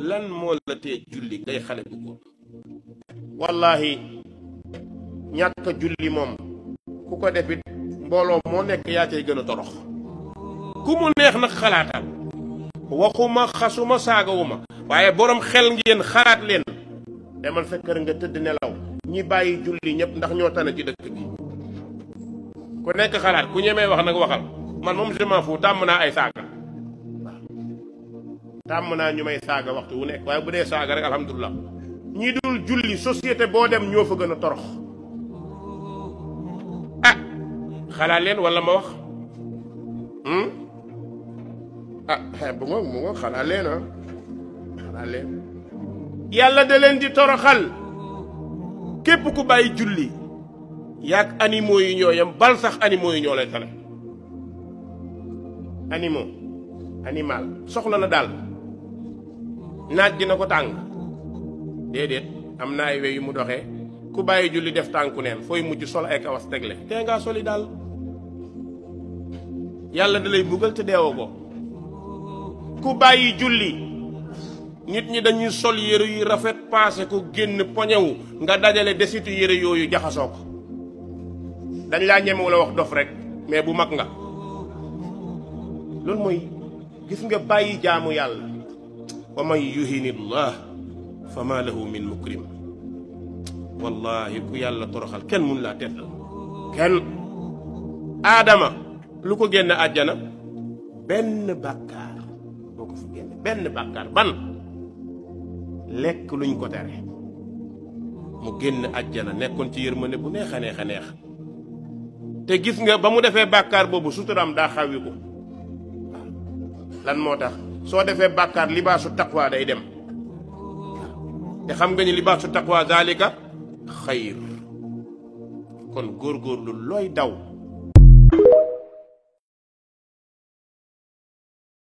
lan moo la tee julli ngay xale bu góor wallaahi ñàkk julli moom ku ko def mbooloo moo nekk yaa cay gën a torox ku mu neex nag xalaatal waxuma xasuma saagawuma waaye borom xel ngeen xalaat leen demal sa kër nga tëdd nelaw ñi bàyyi julli ñëpp ndax ñoo tane ci dëkk bi ku nekk xalaat ku ñemee wax nag waxal man moom je m'en tàmm naa ay saaga tàmm naa ñu may saaga waxtu wu nekk waaye bu dee saaga rek alhamdulilah ñi dul julli société boo dem ñoo fa gën a torox ah xalaat leen wala ma wax hmm? ah eh, bu ngoog xalaat leen ah xalaat leen yàlla da leen di toroxal képp ku bàyyi julli yaag animaux yi ñoo yem bal sax animaux yi ñoo lay tane animaux animal soxla na daal naaj dina ko tàng déedéet am na ay we yu mu doxe ku bàyyi julli def tànku neen fooy mujj sol ay kawas tegle tee ngaa soli daal yàlla da lay buggal te deewoo ko ku bàyyi julli nit ñi dañuy sol yére yu rafet paase ko génn poñewu nga dajale desitu yére yooyu jaxasoo ko dañ laa ñemewu la wax dof rek mais bu mag nga loolu mooy gis nga bàyyi jaamu yàlla ومن يهن الله فما له من مكرم والله يلا ترخل كان من لا تفعل كان ادم لوكو ген اجانا بن بكار بوكو في ген بن بكار بن لك لو نكو تري مو ген اجانا نيكون تي يرمني بو نيه خني خنيخ تي غيس nga بامو ديفه بكار بوبو سوترام دا خاويكو لان موتاخ soo defee bàkkaar libaasu taqwa day dem te xam nga ni libaasu taqwa zalika xayr kon góor góorgóorlu looy daw